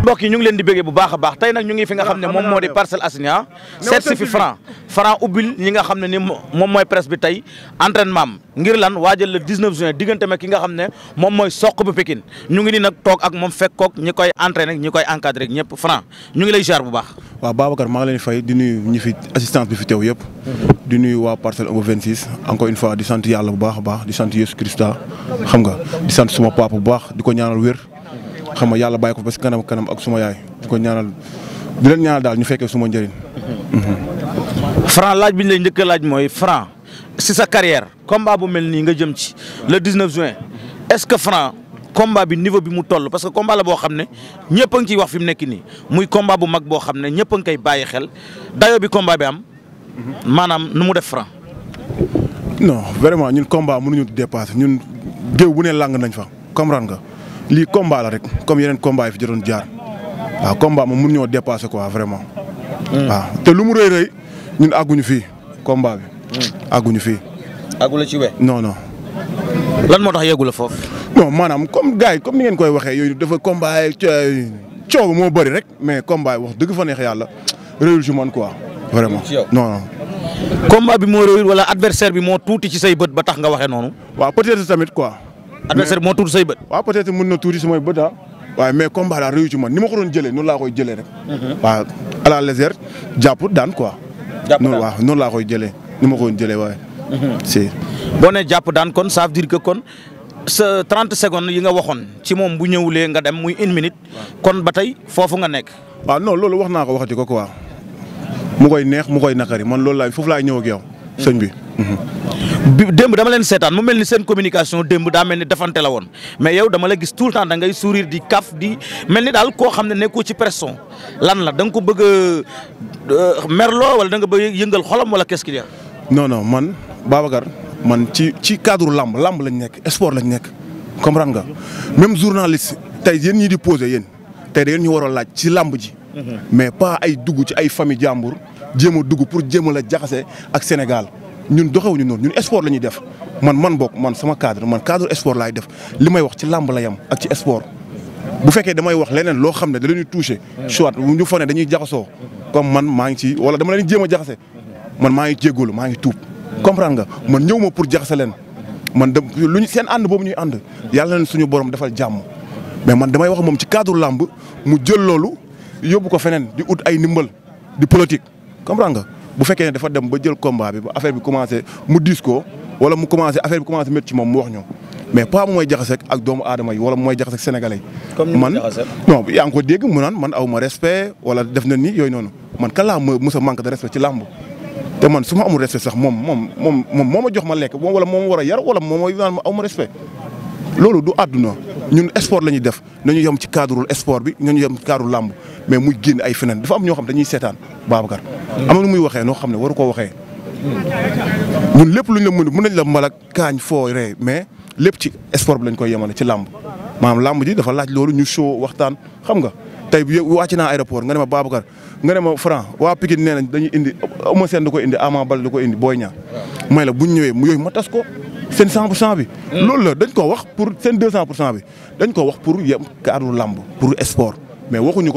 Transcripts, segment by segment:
mbokk yi ñu ngi leen di bëggee bu baax a baax tey nag ñu ngi fi nga xam ne moom moom mooy presse bi tey entraînement am ngir lan waajal le 19 juin diggante ma ki nga xam ne moom mooy soq bu Pikine ñu ngi ni nag toog ak moom fekk koog ñi koy entraîné ñi koy encadré ñëpp Franc ñu ngi lay jaar bu baax waaw Babacar maa ngi leen fay di nuyu ñi fi assistance bi fi teew yëpp di nuyu waa Parcelles Unité 26 encore une fois di sant yàlla bu baax a baax nga di sant suma papa bu baax di ko ñaanal wér xam nga yàlla bàyyi ko ba si kanam kanam ak suma yaay di ko ñaanal di leen ñaanal daal ñu fekkee suma njëriñ. Mhm. fran laaj bi ñu lay njëkk laaj mooy fran si sa carrière combat bu mel nii nga jëm ci le 19 juin est-ce que fran combat bi niveau bi mu toll parce que combat la boo xam ne ñëpp a ciy wax fi mu nekk nii muy combat bu mag boo xam ne ñëpp a ngi koy bàyyi xel dayo bi combat bi am. maanaam nu mu def Franc. non vraiment ñun combat mënuñu dépasser ñun géew bu ne làng nañ fa comprendre lii combat la rek comme yeneen combat yi fi jotoon jaar waaw combat moom mun ñoo dépassé quoi vraiment. Hmm. te lu mu rëy rëy ñun àgguñu fii combat bi. Hmm. àgguñu fii. àggu la ci we. moo tax yeggu la foofu. non maanaam comme gars yi comme ni ngeen koy waxee yooyu dafa combat coow moo bëri mais combat wax dëgg fa neex yàlla réyul ci man bi moo réyul wala adversaire bi moo tuuti ci say bët ba tax nga waxee noonu. waaw peut-être tamit quoi. adversaire moo tuur say bët. waaw peut être na tuuti samay bët ah. waaye mais combat daal réew ci man ni ma ko doon jëlee noonu laa koy jëlee rek. Mhm. waaw à la légère jàpp daan quoi. jàpp daan waaw noonu laa koy jëlee nu ma ko doon jëlee waaye. Mhm. si. boo nee jàpp daan kon ça veut que kon sa 30 secondes yi nga waxoon ci moom bu ñëwulee nga dem muy une minute. kon ba tey foofu nga nekk. waaw non loolu wax naa ko waxati ko quoi mu koy neex mu koy naqari man loolu laay foofu laay ñëw ak yow. sëñ bi. bi démb dama leen seetaan mu mel ni seen communication démb daa mel ni defante la woon mais yow dama la gis tout le temps di kaf di mel ni daal koo xam ne nekkoo ci pression lan la danga ko bëgg a euh, merloo wala da nga bëgg yëngal xolom wala qu'est-ce qu'il y a. non non man man ci ci cadre lamb lamb lañ nekk sport la nekk comprendre nga même journaliste tey yéen ñi di posé yéen tey da yéen ñu war laaj ci lamb ji. Mhm. mais pas ay dugg ci ay famille jàmbur jéem a dugg pour jéem la jaxase ak Sénégal. ñun doxewuñu noonu ñun sport la ñuy def man man bokk man sama cadre man cadre sport laay def li may wax ci làmb la yam ak ci sport. bu fekkee damay wax leneen loo xam ne da leen di touché soit ñu dañuy jaxasoo comme man maa ngi ci wala dama leen jéem jaxase man maa ngi jégalu maa ngi tuub comprendre nga man ñëw ma pour jaxase leen man de luñ seen ànd boobu ñuy ànd yàlla suñu borom defal jàmm mais man damay wax moom ci cadre làmb mu jël loolu yóbbu ko feneen di ut ay ndimbal di politique comprendre nga. bu fekkee ne dafa dem ba jël combat bi ba affaire bi commencé mu diis ko wala mu commencé affaire bi commencé métti ci moom mu wax ñu mais pas mooy jaxase ak doomu aadama yi wala mooy jaxase ak sénégalais yi. man non yaa ngi ko dégg mu naan man aw ma respect def na ni yooyu noonu man ka kan laa ma mës a manque de respect ci làmb te man su ma amul respect sax moom moom moom moom moo ma jox ma lekk wala moo ma war a yar wala moom mooy naan ma aw ma loolu du àdduna ñun sport la ñuy def nañu yem ci cadre sport bi nañu yem ci cadre làmb mais muy génn ay feneen dafa am ñoo xam dañuy seetaan Babacar. am na muy waxee noo xam ne waru koo waxee. ñun lépp luñ la mën mën nañ la mbalak kaañ foo ree mais lépp ci sport bi lañ koy yemale ci làmb maanaam làmb ji dafa laaj loolu ñu show waxtaan xam nga. tey bi wàcc naa aéroport nga ne ma Babacar nga ne ma Franc waa Pikine nee nañ dañuy indi Eumeu Sène da ko indi Ama Baldé da ko indi Boy Niang. may la bu ñu ñëwee mu yooyu ma tas ko. seen 100 pour cent bi. Hmm. loolu la pour seen 200 wax cadre sport mais waxuñu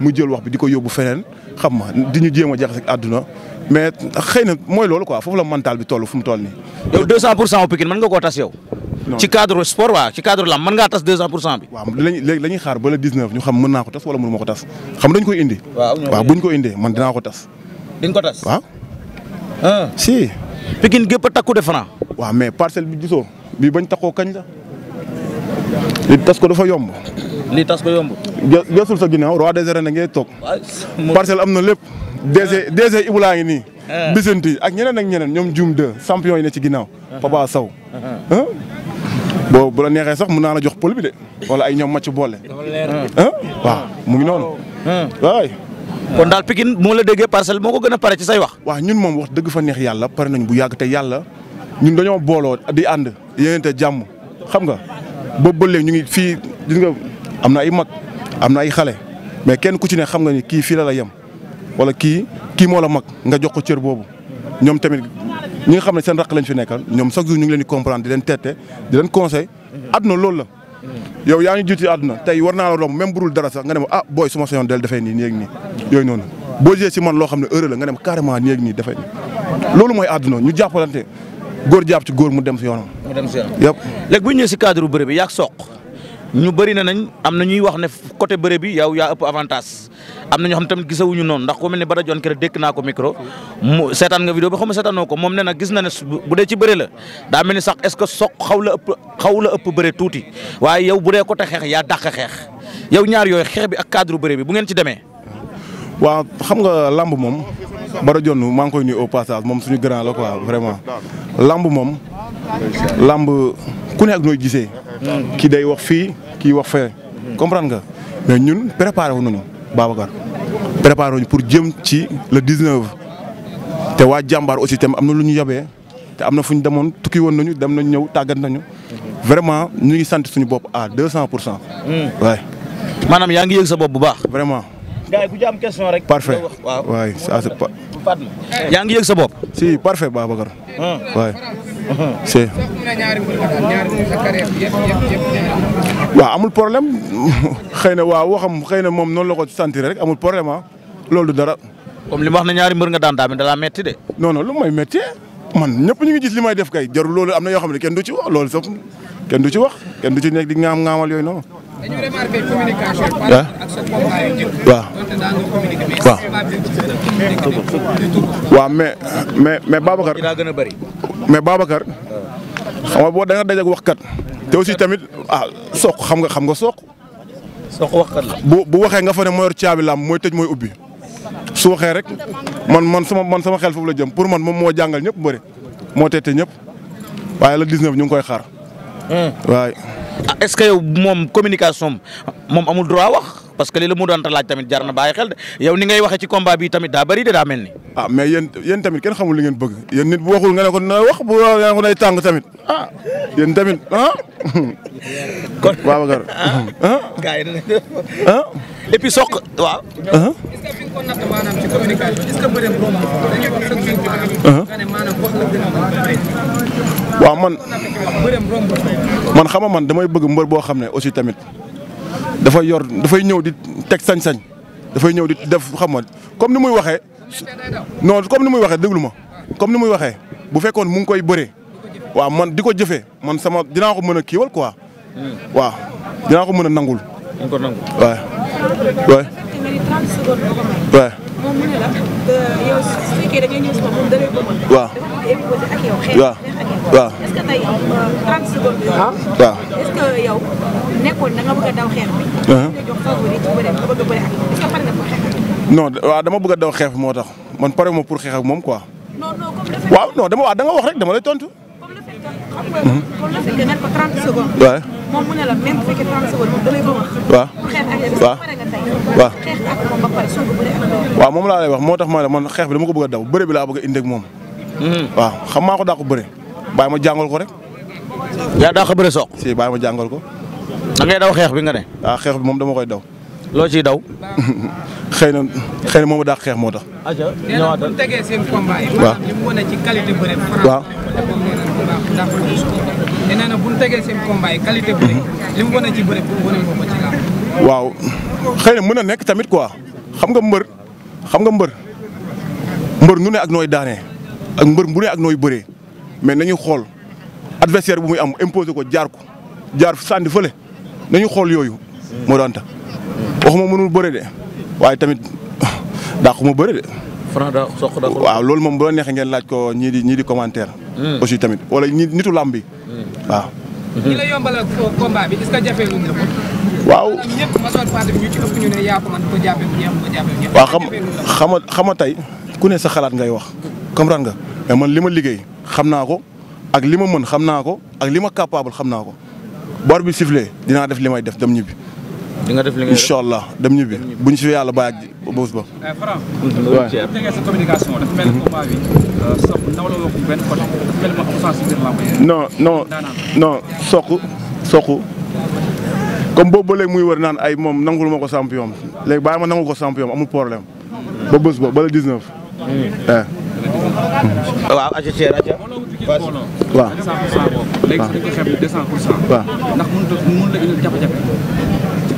mu jël wax bi di ko yóbbu feneen xam ma di ñu jéem a jaxase ak àdduna mais xëy na mooy loolu quoi la mental bi toll fu mu toll nii. yow 200 pour cent wu Pikine mën nga koo tas yow. cadre lamb mën ngaa tas 200 pour cent bi. waaw xaar ba le 19 ñu xam mën naa ko tas wala mënu ko tas xam dañ koy indi. waaw buñ ko indee man dinaa ko tas. di ko tas waaw. Ah. si. Pikine gépp a takku de Franc. waaw mais parcelle bi gisoo bii bañ taxoo kañ la li tas ko dafa yomb. li tas ko yomb. gesul sa ginnaaw roi des arènes ngay toog. parcelle am na lépp. des ah. DG Ibou laa ngi nii. Ah. bisanti ak ñeneen ak ñeneen ñoom Dioum 2 champion yi ne ci ginnaaw. Ah. Papa saw boo bu la neexee sax mun naa la jox pël bi de wala ay ñoom macc boole. waaw mu ngi noonu. kon daal Pikine moo la déggee parcelle moo ko gën a pare ci say wax. waaw ñun moom wax dëgg fa neex yàlla pare nañ bu yàgg te yàlla ñun dañoo booloo di ànd yéen te jàmm xam nga boobu ba ñu ngi fii gis nga am na ay mag am na ay xale mais kenn ku ci ne xam nga ni kii fii la la yem wala kii kii moo la mag nga jox ko cër boobu ñoom tamit ñi nga xam ne seen raq lañ fi nekkal ñoom chaque jour ñu ngi leen di comprendre di leen tette di leen conseil àdduna loolu la. yow yaa ngi jiitu àdduna tey war naa la romb même budul dara sax nga ne ma ah booy su ma sañoon del defee nii nii yooyu noonu boo jiyee si man loo xam ne heure la nga dem carrément nii ak nii defee nii loolu mooy àdduna ñu jàppalante góor jàpp ci góor mu dem si yoonam. mu dem si yoonam yëpp. léegi bu ñu si cadre bëre bi yaa soq ñu bëri na nañ am na ñuy wax ne côté bëre bi yow yaa ëpp avantage am na ñoo xam tamit gisawuñu noonu ndax ku mel ni Bada Dione kere naa ko micro mu seetaan nga vidéo bi xaw ma seetaanoo ko moom nee na gis na ne bu dee ci bëre la ni sax est-ce que soq xaw la ëpp xaw la ëpp bëre tuuti waaye yow bu dee côté xeex yaa dàq xeex yow ñaar yooyu xeex bi ak cadre bëre bi bu ngeen ci demee. waaw xam nga làmb moom Bada Dione maa ngi koy nuyu au passage moom suñu grand la quoi vraiment lamb moom làmb ku ne ak nooy gisee. Hmm. kii day wax fii kii wax fee comprendre nga mais ñun préparer wu nañu Babacar préparé ñu pour jëm ci le 19 te waa jàmbaar aussi tam am na lu ñu yabee te am na fu ñu demoon tukki woon nañu dem nañu ñëw tàggat nañu vraiment ñu ngi sant suñu bopp à 200 pour cent. waay. Hmm. maanaam yaa ngi yëg sa bopp bu baax. vraiment. gars yi ku ci am rek. parfait waaw waay yaa ngi yëg sa bopp. si parfait Babacar. waay. Hmm. c'est waaw amul problème xëy na waaw waxam xëy na moom noonu la ko sentir rek amul problème ah loolu dara. comme li ma na ñaari mbër nga daan tamit da metti de. non non lu may metti man ñëpp ñu ngi gis li may def kay jarul loolu am na yoo xam ne kenn du ci wax loolu sax kenn du ci wax kenn du ci nekk di ŋaam ŋaamal yooyu noonu. ah waaw waaw waaw mais mais mais Babacar mais Babacar xam nga boo da nga dajeeg waxkat te aussi tamit ah soq xam nga xam nga soq. soq waxkat la bu bu waxee nga fa ne moo yor mooy tëj mooy ubbi su waxee rek man man sama man sama xel foofu la jëm pour man moom moo jàngal ñëpp bëri moo teete ñëpp waaye la 19 ñu ngi koy xaar hmm. waaye. Ah, est-ce que yow moom communication moom amul droit wax parce que li la mu doon laaj tamit jar na bàyyi xel de yow ni ngay waxee ci combat bi tamit daa bëri de daa mel ni. ah mais yen yéen tamit kenn xamul li ngeen bëgg yéen nit bu waxul nga ne ko na ko nay tàng tamit ah yéen tamit ah. kon Babacar ah. Ah. waaw man man xama man damay bëgg mbër boo xam ne aussi tamit dafay yor dafay ñëw di teg sañ-sañ dafay ñëw di def xam nga comme ni muy waxee non comme ni muy waxee déglu ma comme ni muy waxee bu fekkoon mu ngi koy bëree waaw man di ko jëfee man sama dinaa ko mën a kiiwal quoi hmm. waaw dinaa ko mën a nangul. dinaa waaw. waaw. waaw. waaw. waa non waaw dama bëgg a daw xeex moo tax man pare ma pour xeex moom quoi. waaw non dama waaw da nga wax rek dama lay tontu. xam waaw moom mu moom wax. waaw pour moom laa lay wax moo tax maa ne man xeex bi dama ko bëgg a daw bëre bi laa bëgg a moom. Hmm. waaw xam maa ko daa ko bëre bàyyi ma jàngal ko rek. yaa daa ko bëre soog. si bàyyi ma jàngal ko. da ngay daw xeex bi nga ne. waaw ah, bi moom dama koy daw. loo ciy daw. xëy na xëy na xeex moo tax. waaw. waaw xëy na mën a nekk tamit quoi xam nga mbër xam nga mbër mbër nu ne ak nooy daanee ak mbër bu ne ak nooy bëree mais na ñuy xool adversaire bu muy am imposé ko jaar ko jaar sànni fële nañu xool yooyu moo daan tax waxuma mënul bëre de waaye tamit dàquma bëre de. Franc daa soq daa waaw loolu moom bu la neexee ngeen laaj ko ñii di ñii di commentaire. Hmm. aussi tamit wala ñi nitu làmb bi hmm. waaw. ñi hmm. waaw ñëpp xam a xama tey ku ne sa xalaat ngay wax comprendre nga mais man li ma liggéey xam naa ko ak li ma mën xam naa ko ak li ma capable xam naa ko bor bi sifflé dinaa def li may def dem ñibbi. di nga def li nga incha dem ñibbi bu ñu si yàlla bàyyi ak bës ba. Eh, Franc. waaw bu ñu déggee euh, boobu ba muy wër naan ay moom nangul ma ko champion léegi bàyyi nangul ko champion amul problème ba bës ba ba le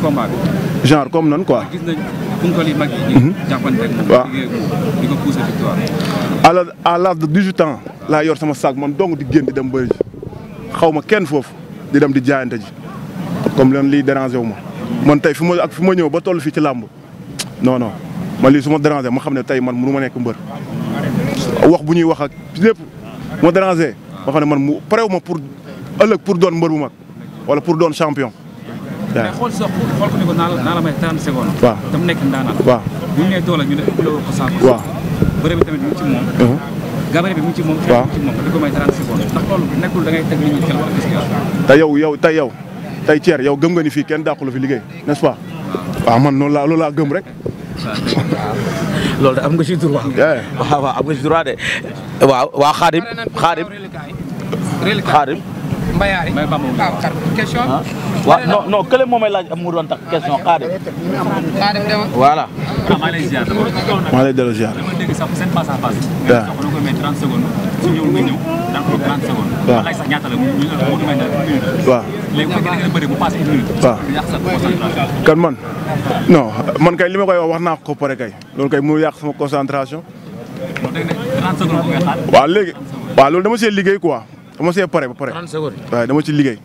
combat bi. genre comme noonu mhm. ko pousser victoire. alors à l'âge ans laa yor sama saag man dong di génn di dem bëri ji xaw ma kenn foofu di dem di jaayante ji comme leen lii déranger wu ma. man tey fu ma ak fi ma ñëw ba toll fii ci làmb non non man lii su ma ma xam ne tey man mënu ma nekk mbër wax bu ñuy wax ak lépp ma déranger ma xam ne man mu parew ma pour ëllëg pour doon mbër bu mag wala pour doon champion. mais xool sa xool ko ne ko ci uh-huh. yow yow tey yow tey yow gëm nga ni fii kenn dàqu la fi liggéey n'est-ce pas. waaw laa loolu laa gëm rek. am nga ci droit. waaw waa Xaadim Xaadim waaw non moom may e laaj mu doon tax question xaadim. xaadim de voilà. Ah, maa lay ziar dama maa kan man non man kay li ma koy wax wax naa ko pare kay loolu kay mu yàq sama concentration. waaw léegi waaw loolu dama see liggéey quoi ma see pare ba pare. 30 secondes waaw dama ci liggéey.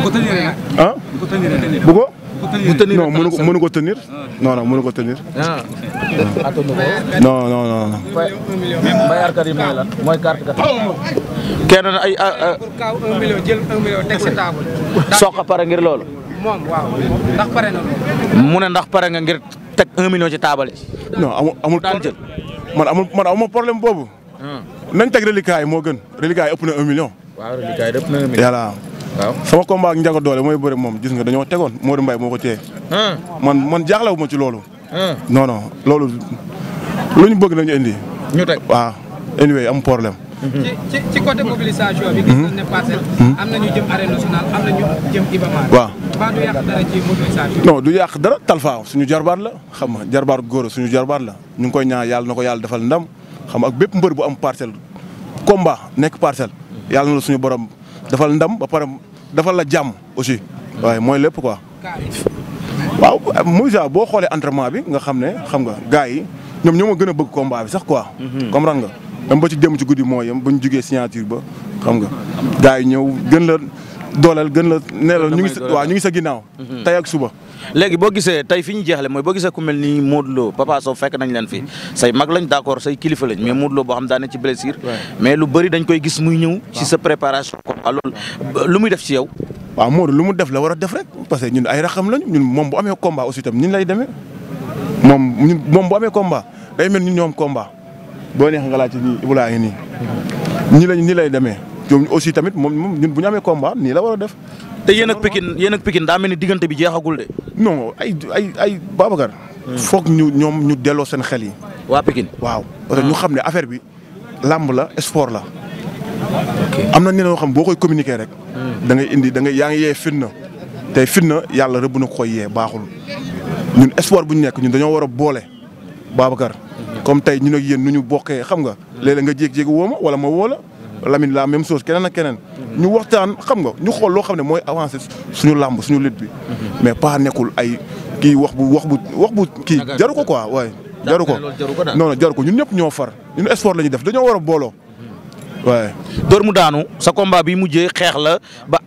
bu ko tëniree ko. bu ko non mënu ko mënu ko tënir. non non mënu tënir. ah. non non ay. pour kaaw 1 million jël pare ngir loolu. moom ndax pare na ndax pare nga ngir teg 1 million ci table yi. non amul amul daan jël. man amul man boobu. Ah. nañ teg reliquat yi moo gën reliquat yi ëpp na 1 million. waaw waaw sama combat ak njaga doole mooy bëri moom gis nga dañoo tegoon Modou Mbaye moo ko téye. Hmm. man man jaaxlawu ma ci loolu. Hmm. non non loolu lu ñu bëgg nañu indi. ñu teg am problème. Hmm. na ñu du yàq dara ci mobilisation. suñu jarbaat la xam nga jarbaat góor suñu jarbaat la ñu ngi koy ñaan yàlla na ko yàlla defal ndam xam ak bépp mbër bu am parcelle komba nekk parcelle yàlla na la suñu borom. dafal ndam ba pare dafal la jàmm aussi waaye mooy lépp quoi. waaw Moussa boo xoolee entraînement bi nga xam ne xam nga gars yi ñoom ñoo gën a bëgg combat bi sax quoi. Mhm. ran nga. dama ba ci dem ci guddi mooy yam ba ñu jugee signature ba xam nga gars yi ñëw gën la. dooleel gën la ne la ñu ngi sa ñu ngi sa ginnaaw. Mhm. tey ak suba. léegi boo gisee tey fi ñu jeexle mooy boo gisee ku mel ni Modou Lo Papa Sow fekk nañ leen fi mhm. say mag lañ d'accord say kilifa lañ mais Modou Lo boo xam daane ci lu bëri dañ koy gis muy ñëw. ci sa préparation combat lu muy def ci yow. waaw Modou lu mu def la war a def rek parce que ñun ay raxam lañ ñun moom bu amee combat aussi tam ñun lay demee moom ñun moom bu amee combat day mel ni ñoom komba boo neex nga laajte nii Ibou mhm. nii. ñi lañ nii lay demee. ñoom aussi tamit moom moom ñun bu ñu amee combat nii la war a def. te yéen ak Pikine yéen ak Pikine daa mel ni diggante bi jeexagul de. non ay ay ay Babacar. Hmm. foog ñu ñoom ñu delloo seen xel yi. waa Pikine waaw. parce que ñu xam ne affaire bi làmb la sport la. am na ñeneen yoo xam boo koy communiquer rek. Hmm. da ngay indi da ngay yaa ngi yee fitna. tey fitna yàlla rëbb na ko koy yee baaxul ñun sport bu ñu nekk ñun dañoo war a boole Babacar. Hmm. comme tey ñu ak yéen nu ñu bokkee xam nga. léeg-léeg nga jékki-jékki woo ma lamin laa même chose keneen ak keneen. ñu waxtaan xam nga ñu xool loo xam ne mooy avancer suñu làmb suñu lutte bi. mais pas nekkul ay kii wax bu wax bu wax bu kii jaru ko quoi waaye. jaru ko non jaru ko ñun ñëpp ñoo far ñun sport la ñuy def dañoo war a booloo. waaye dóor mu daanu sa combat bi mujjee xeex la ba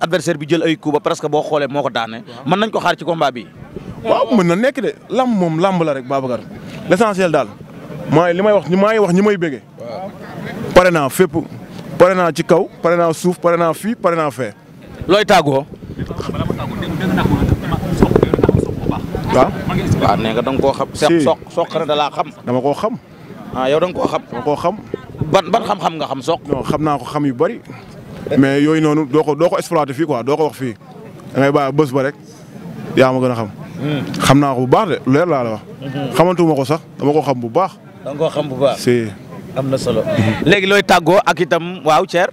adversaire bi jël ay coup ba presque boo xoolee moo ko daane mën nañ ko xaar ci kombaa bi waaw mën na nekk de lamb moom làmb la rek Babacar l'essentiel daal maa li may wax maa ngi wax ñi may bëggee. pare naa fépp pare naa ci kaw pare naa suuf pare naa fi pare naa fee. looy tàggoo. waaw. waaw nee nga da nga koo xam. si xam. dama koo xam. ah yow da nga xam. dama koo xam. nga xam soq. xam naa ko xam yu bari. mais yooyu noonu doo ko doo exploité fii quoi doo ko wax fii da ngay bàyyi ba rek yaa ma gën a xam. Hmm. xam naa ko bu baax de leer laa wax. Hmm. xamantuma ko sax dama ko xam bu baax. da nga xam bu baax. si am na solo. léegi looy tàggoo ak itam waaw Thierre.